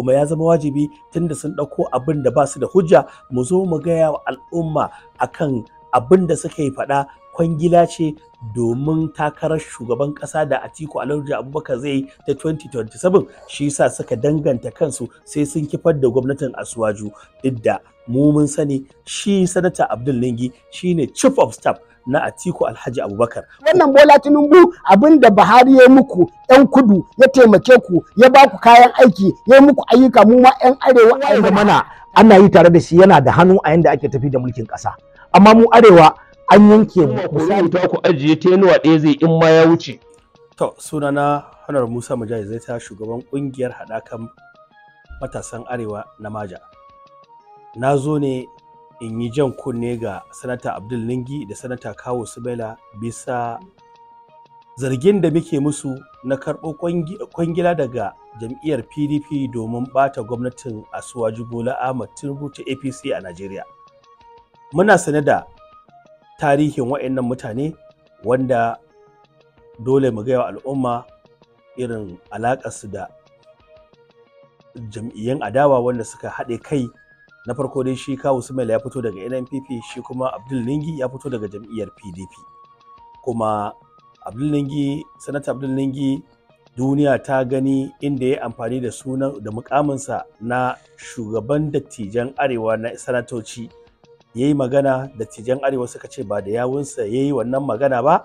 kuma ya zama wajibi tunda sun ɗauko abin da ba su da hujja mu zo mu gaya wa al'umma akan abin da suka yi faɗa kwangila ce domin takarar shugaban ƙasa da Atiku Alhaji Abubakar zai yi ta 2027 shi yasa suka danganta kansu sai sun kifar da gwamnatin Asuwaju duk da mu sani shi sanata Abdul Lingi shine chief of staff na Atiku Alhaji Abubakar. Wannan Bola Tinubu abinda Buhari ya muku yan kudu ya taimake ku ya ba ku kayan aiki ya muku ayyuka mu ma yan arewa a mana ana yi tare da shi yana da hannu a yanda ake tafi da mulkin ƙasa. Amma mu arewa an yanke mu. Misali ta ku ajiye ta yanuwa ɗaya zai in ma ya wuce. To sunana Hanar Musa Mujahid zai ta shugaban ƙungiyar haɗakan matasan arewa na Maja. Na zo ne in yi jan kunne ga sanata abdul lingi da sanata kawo subela bisa zargin da muke musu na karɓo kwangila daga jam'iyyar pdp domin ɓata gwamnatin asuwa bola ahmad tinubu ta apc a najeriya muna sane da tarihin wa'annan mutane wanda dole mu gaya wa al'umma irin alaƙarsu da jam'iyyan adawa wanda suka haɗe kai na farko dai shi kawu sumaila ya fito daga nnpp shi kuma abdul ningi ya fito daga jam'iyyar pdp kuma abdul ningi sanata abdul ningi duniya ta gani inda ya amfani da sunan da mukaminsa na shugaban dattijan arewa na sanatoci ya yi magana dattijan arewa suka ce ba da yawunsa ya yi wannan magana ba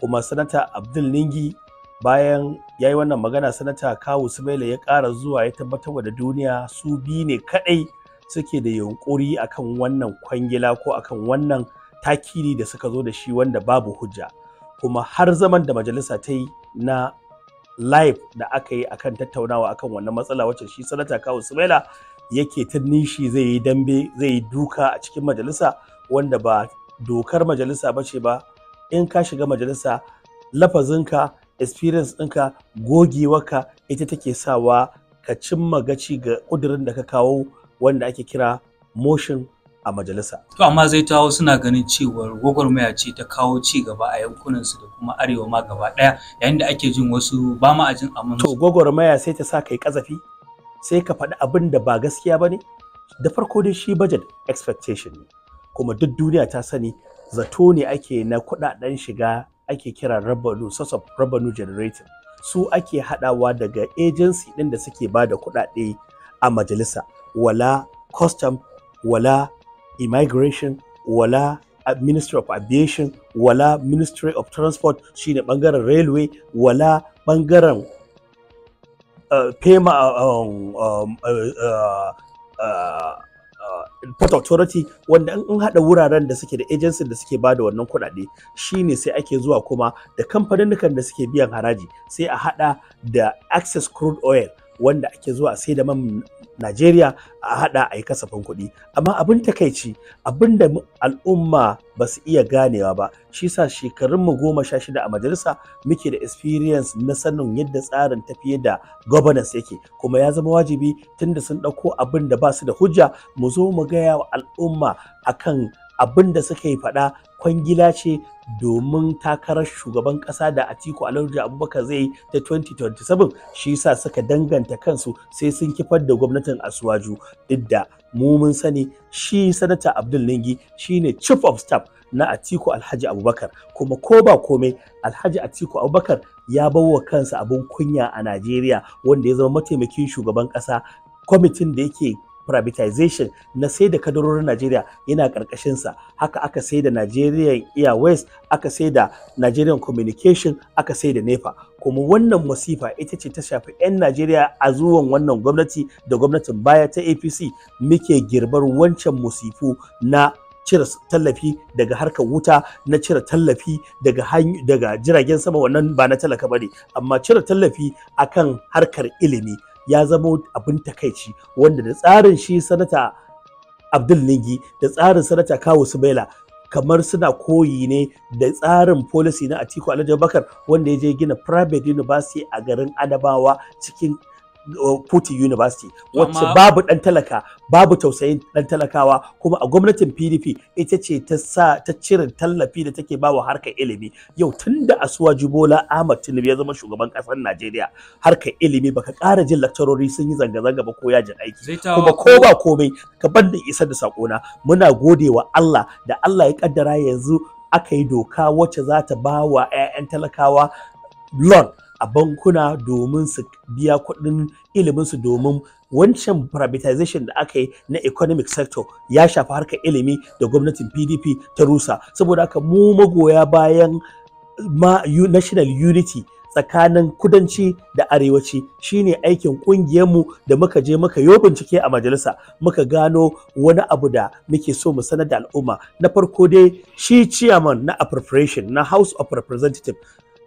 kuma sanata abdul ningi bayan ya yi wannan magana sanata kawu sumaila ya ƙara zuwa ya tabbatar da duniya su bi ne kaɗai suke da yunƙuri akan wannan kwangila ko akan wannan takiri da suka zo da shi wanda babu hujja kuma har zaman da majalisa ta yi na live da aka yi akan tattaunawa akan wannan matsala wacce shi sanata kawo sumaila yake ta nishi zai yi dambe zai yi duka a cikin majalisa wanda ba dokar majalisa ba ce ba in ka shiga majalisa lafazinka experience ɗinka gogewarka ita take sawa ka cimma gaci ga kudirin da ka kawo wanda ake kira motion a majalisa. To amma zai tawo suna ganin cewar gwagwarmaya ce ta kawo ci gaba a yankunan su da kuma arewa ma gaba daya yayin da ake jin wasu ba ma a jin amon. To gwagwarmaya sai ta sa kai kazafi sai ka faɗi abin da ba gaskiya bane da farko dai shi budget expectation ne kuma duk duniya ta sani zato ne ake na kuɗaɗen shiga ake kira revenue source of revenue generating su ake haɗawa daga agency ɗin da suke ba da kuɗaɗe a majalisa. wala custom wala immigration wala ministry of aviation wala ministry of transport shine bangaren railway wala bangaren pema eh, eh, um, um, eh, port authority wanda in haɗa wuraren da suke da agency da suke bada wannan kuɗaɗe shine sai ake zuwa kuma da kamfaninnukan da suke biyan haraji sai a haɗa da access crude oil wanda ake zuwa sai da man Najeriya a hada a yi kasafin kuɗi amma abin takaici abin da al'umma ba su iya ganewa ba shi sa shekarunmu goma sha shida a majalisa muke da experience na sanin yadda tsarin tafiye da governance yake kuma ya zama wajibi tunda sun ɗauko abin da ba su da hujja mu zo mu gaya wa al'umma akan abin da suka yi fada kwangila ce domin takarar shugaban kasa da Atiku Alhaji Abubakar zai yi ta 2027 shi yasa suka danganta kansu sai sun kifar da gwamnatin Asuwaju duk da mu mun sani shi sanata Abdul Lingi shine chief of staff na Atiku Alhaji Abubakar kuma ko ba komai Alhaji Atiku Abubakar ya bawa kansa abin kunya a Najeriya wanda ya zama mataimakin shugaban kasa kwamitin da yake privatization na sai da kadarorin Najeriya yana ƙarƙashinsa haka aka sai da Nigerian Airways aka sai da Nigerian Communication aka sai da NEPA kuma wannan masifa ita ce ta shafi 'yan Najeriya a zuwan wannan gwamnati da gwamnatin baya ta APC muke girbar wancan musifu na cire tallafi daga harkar wuta na cire tallafi daga daga jiragen sama wannan ba na talaka bane amma cire tallafi akan harkar ilimi ya zama abin takaici wanda da tsarin shi sanata abdul lingi da tsarin sanata kawo subaila kamar suna koyi ne da tsarin policy na atiku alhaji bakar wanda ya je gina private university a garin adabawa cikin Kuti University wacce babu ɗan talaka babu tausayin ɗan talakawa kuma a gwamnatin PDP ita ce ta sa ta cire tallafi da take bawa harkar ilimi yau tun da Asuwa Jibola Ahmad Tinubu ya zama shugaban ƙasar Najeriya harkar ilimi baka ƙara jin lakcarori sun yi zanga-zanga ba ko yajin aiki kuma ko ba komai ka banda da isar da sakona muna gode wa Allah da Allah ya kaddara yanzu aka yi doka wacce za ta ba wa 'ya'yan talakawa loan a bankuna domin su biya kuɗin iliminsu domin wancan privatization da aka yi na economic sector ya shafi harkar ilimi da gwamnatin pdp ta rusa saboda haka mu magoya bayan ma national unity tsakanin kudanci da arewaci shine aikin ƙungiyarmu da muka je muka yi bincike a majalisa muka gano wani abu da muke so mu sanar da al'umma na farko dai shi chairman na appropriation na house of representative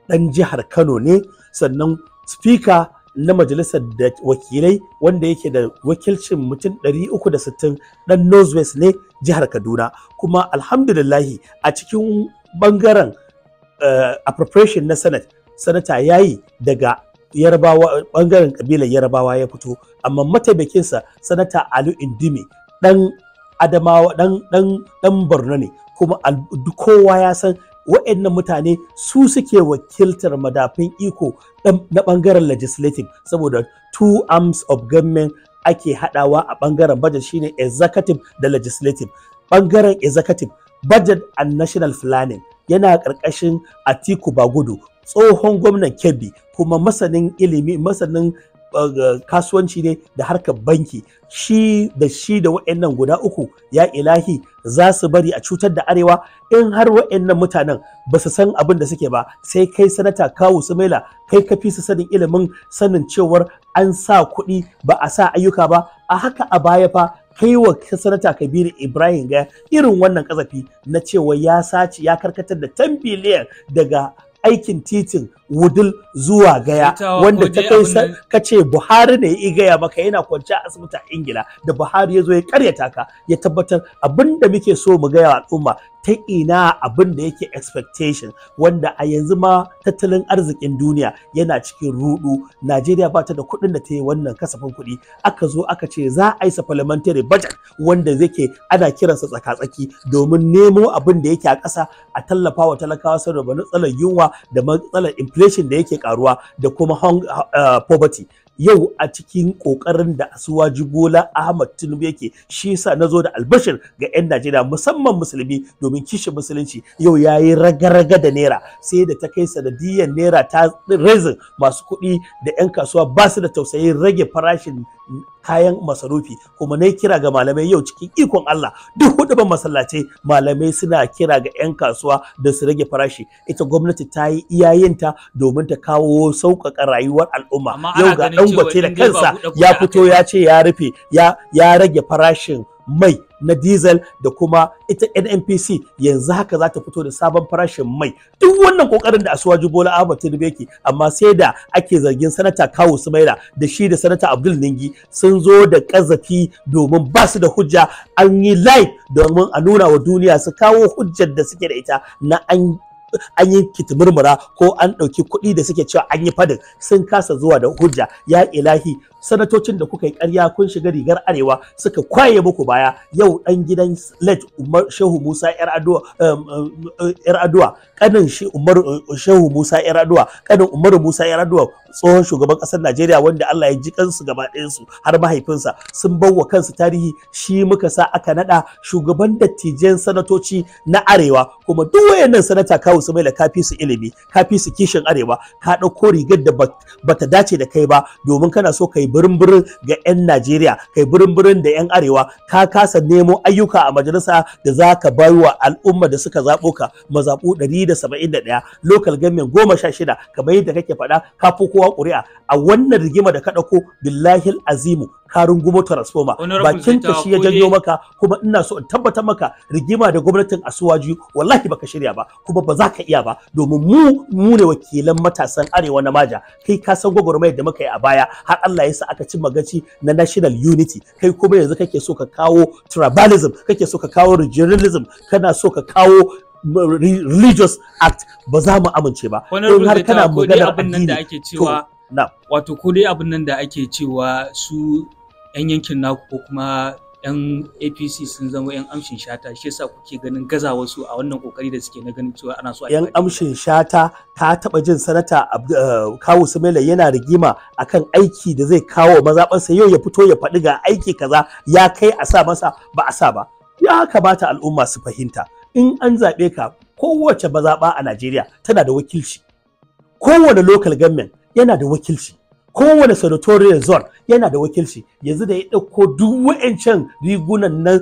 ɗan jihar Kano ne sannan spika na majalisar da wakilai wanda yake da wakilcin mutum 360 ɗan northwest ne jihar kaduna kuma alhamdulillahi a cikin bangaren uh, eh, appropriation na senate sanata ya yi daga yarbawa bangaren ƙabilar yarbawa ya fito amma mataimakinsa sanata ali indimi ɗan adamawa ɗan borno ne kuma kowa ya san wa'annan mutane su suke wakiltar madafin iko na bangaren legislative saboda two arms of government ake hadawa a bangaren budget shine executive da legislative bangaren executive budget and national planning yana ƙarƙashin Atiku Bagudu tsohon gwamnan Kebbi kuma masanin ilimi masanin Eh, kasuwanci ne da harkar banki shi da shi da wa'annan guda uku ya ilahi za su bari a cutar da arewa in har wa'annan mutanen ba su san abin da suke ba sai kai sanata kawu maila kai ka su sanin ilimin sanin cewar an sa kuɗi ba a sa ayyuka ba a haka a baya fa kai wa sanata kabiru ibrahim ga irin wannan kazafi na cewa ya sace ya karkatar da 10 daga aikin titin wudul zuwa gaya wanda ta kai ka ce buhari ne ya gaya maka yana kwance a asibiti a ingila da buhari ya zo ya karyata ka ya tabbatar abinda muke so mu gaya al'umma ta ina abinda yake expectation wanda a yanzu ma tattalin arzikin duniya yana cikin rudu najeriya ba ta da kuɗin da ta yi wannan kasafin kuɗi aka zo aka ce za a yi supplementary budget wanda zake ana kiransa tsaka-tsaki domin nemo abinda yake a ƙasa a tallafa wa talakawa saboda matsalar yunwa da matsalar population da yake karuwa da kuma uh, poverty yau a cikin kokarin da asuwaji bola ahmad tinubu yake shi sa na zo da albashir ga 'yan najeriya musamman musulmi domin kishin musulunci yau ya yi raga-raga da naira sai da ta kai sanadiyar naira ta raisin masu kuɗi da 'yan kasuwa ba su da tausayin rage farashin kayan masarufi kuma na kira ga malamai yau cikin ikon Allah duk huduban masallatai malamai suna kira ga 'yan kasuwa da su rage farashi ita gwamnati ta yi iyayenta domin ta kawo sauƙaƙa rayuwar al'umma yau ga dangote da kansa ya fito ya ce ya rufe ya rage farashin mai na diesel da kuma ita NNPC yanzu haka za ta fito da sabon farashin mai duk wannan kokarin da asuwaji Bola Ahmad Tinubu yake amma sai da ake zargin sanata Kawu Sumaila da shi da sanata Abdul Ningi sun zo da kazafi domin ba su da hujja an yi live domin a nuna wa duniya su kawo hujjar da suke da ita na an an yi kitimurmura ko an ɗauki kuɗi da suke cewa an yi fadin sun kasa zuwa da hujja ya ilahi sanatocin da kuka yi karya kun shiga rigar arewa suka kwaye muku baya yau ɗan gidan late umar shehu musa yar aduwa kanin um, um, um, shi umar shehu musa yar aduwa kanin umar musa yar aduwa tsohon shugaban ƙasar najeriya wanda allah ya ji kansu gaba ɗayansu har mahaifinsa sun bawa kansu tarihi shi muka sa aka naɗa? shugaban dattijan sanatoci na arewa kuma duk wayannan sanata kawo su mai kafi su ilimi kafi su kishin arewa ka ɗauko rigar da bata dace da kai ba domin kana so ka yi birin-birin ga 'yan Najeriya kai birin-birin da 'yan Arewa ka kasa nemo ayyuka a majalisa da za ka bai wa al'umma da suka zaɓo ka mazaɓu 171 Lokal government goma sha shida kamar yadda kake faɗa ka fi kowa ƙuri'a a wannan rigima da ka ɗauko billahil azimu karin gumo transformer bakin ka shi ya janyo maka kuma ina so in tabbatar maka rigima da gwamnatin asuwaju wallahi baka shirya ba kuma ba za ka iya ba domin mu mu ne wakilan matasan arewa na maja kai ka san gwagwarmayar da muka yi a baya har Allah ya sa aka ci magaci na national unity kai kuma yanzu kake so ka kawo tribalism kake so ka kawo regionalism kana so ka kawo religious act ba za mu amince ba in har kana magana abin nan da ake cewa wato ko dai abin nan da ake cewa su 'yan yankin naku ko kuma 'yan apc sun zama 'yan amshin shata shi yasa kuke ganin gaza wasu a wannan kokari da suke na ganin cewa ana so a 'yan amshin shata ta taba jin sanata eh, kawu sumaila yana rigima akan aiki da zai kawo mazaɓarsa yau ya fito ya faɗi ga aiki kaza ya kai a sa masa ba a sa ba ya kamata al'umma su fahimta in an zaɓe ka kowace mazaɓa a najeriya tana da wakilci kowane local government yana da wakilci kowane senatorial zone yana da wakilci yanzu da ya ɗauko duk wa'ancan rigunan na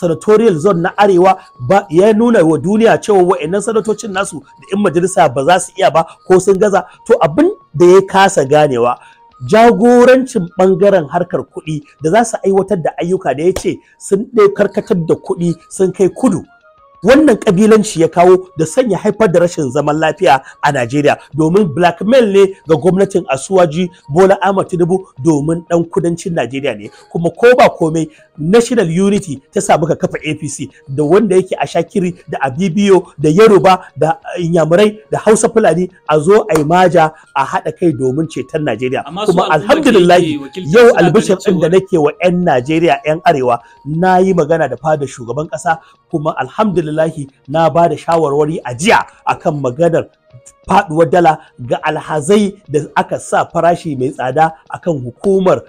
senatorial zone na arewa ba ya nuna wa duniya cewa wa'annan sanatocin nasu da 'yan majalisa ba za su iya ba ko sun gaza to abin da ya kasa ganewa jagorancin bangaren harkar kuɗi da za su aiwatar da ayyuka da ya ce sun ɗaya karkatar da kuɗi sun kai kudu wannan kabilanci ya kawo da sanya haifar da rashin zaman lafiya a Najeriya domin blackmail ne ga gwamnatin Asuwaji Bola Ahmed Tinubu domin dan kudancin Najeriya ne kuma ko ba komai National Unity ta samu ka kafa APC da wanda yake a Shakiri da Abibiyo da Yoruba da Inyamurai da Hausa Fulani a zo a yi maja a haɗa kai domin ceton Najeriya kuma alhamdulillah yau albishir ɗin da nake wa 'yan Najeriya 'yan Arewa na yi magana da fada shugaban ƙasa kuma alhamdulillahi na ba da shawarwari a jiya akan maganar faduwar dala ga alhazai da aka sa farashi mai tsada akan hukumar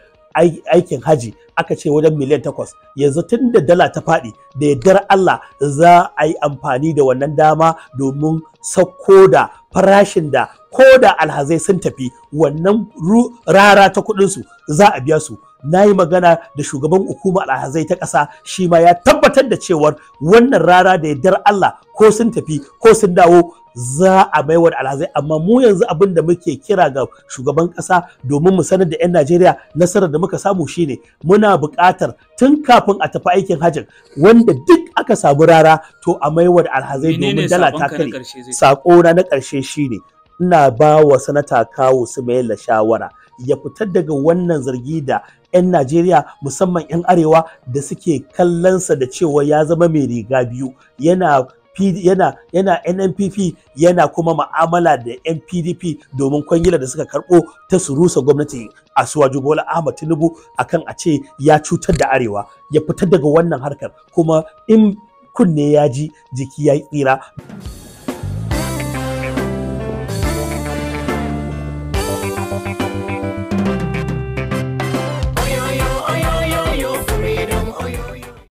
aikin haji aka ce wajen miliyan takwas yanzu tun da dala ta faɗi da yardar Allah za a yi amfani da wannan dama domin sauko da farashin da ko da alhazai sun tafi wannan rara ta kuɗinsu za a biya su na yi magana da shugaban hukumar alhazai ta ƙasa shi ma ya tabbatar da cewar wannan rara da yardar Allah ko sun tafi ko sun dawo za a maiwa alhazai amma mu yanzu abin da muke kira ga shugaban ƙasa domin mu sanar da 'yan Najeriya nasarar da muka samu shine muna buƙatar tun kafin a tafi aikin hajjin wanda duk aka samu rara to a maiwa alhazai domin dala ta kare sako na na ƙarshe shine ina ba wa sanata kawo su mai shawara ya fitar daga wannan zargi da 'yan Najeriya musamman 'yan Arewa da suke kallonsa da cewa ya zama mai riga biyu yana yana yana NNPP yana kuma ma'amala da NPDP domin kwangila da suka karɓo ta surusa gwamnati a Suwaju Bola Ahmad Tinubu akan a ce ya cutar da Arewa ya fitar daga wannan harkar kuma in kunne ya ji jiki ya yi tsira.